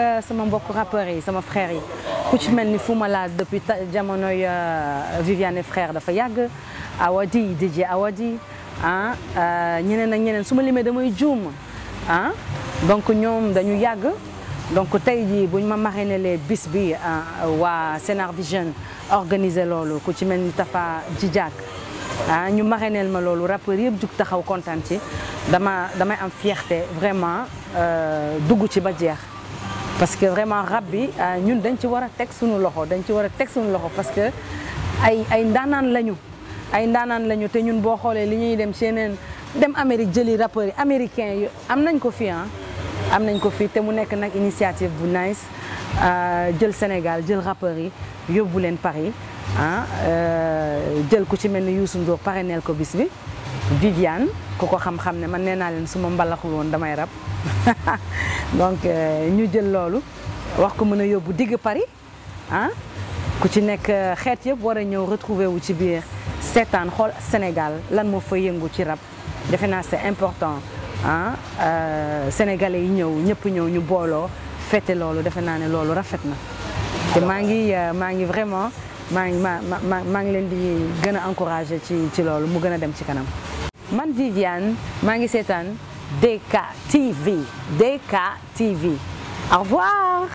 Euh, sama mbokku rappeurs yi sama frères yi ku ci mel ni Fou Malade depuis jamonoy euh, Viviane frère dafa yàgg Awadi DJ Awadi ah euh, ñeneen ak ñeneen su ma limee damay juum ah donc ñoom dañu yàgg donc tey jii buñ ma marraine les bis bi waa Sénar Vision organiser loolu ku ci mel ni Tafa Djidiack ah ñu marraineel ma loolu rappeur yëpp jug taxaw kontaan ci dama damay am fierté vraiment dugg ci ba jeex parce que vraiment rab bi euh, ñun dañ ci war a teg suñu loxo dañ ci war a teg suñu loxo parce que ay ay ndaanaan lañu ay ndaanaan lañu te ñun boo xoolee li ñuy dem seeneen dem Amérique jëli rappeurs yi américains yi am nañ ko fii ah. am nañ ko fii te mu nekk nag initiative bu nice euh, jël Sénégal jël rappeurs yi yóbbu leen Paris ah euh, jël ku ci mel ni Youssou Ndour neel ko bis bi Viviane ku ko xam-xam ne man nee naa leen su ma mbalaxul woon damay rab donc euh, ñu jël loolu wax ko mën a yóbbu digg Paris ah ku ci nekk euh, xeet yëpp war a ñëw retrouver wu ci biir seetaan xool Sénégal lan moo fa yëngu ci rab defe naa c'est important ah euh, sénégalais yi ñëw ñëpp ñëw ñu booloo fete loolu defe naa ne loolu rafet na te maa ngi maa ngi vraiment maa ngi maa maa maa ngi leen di gën a encourager ci ci loolu mu gën a dem ci kanam man Viviane maa ngi seetaan DK TV DK TV au revoir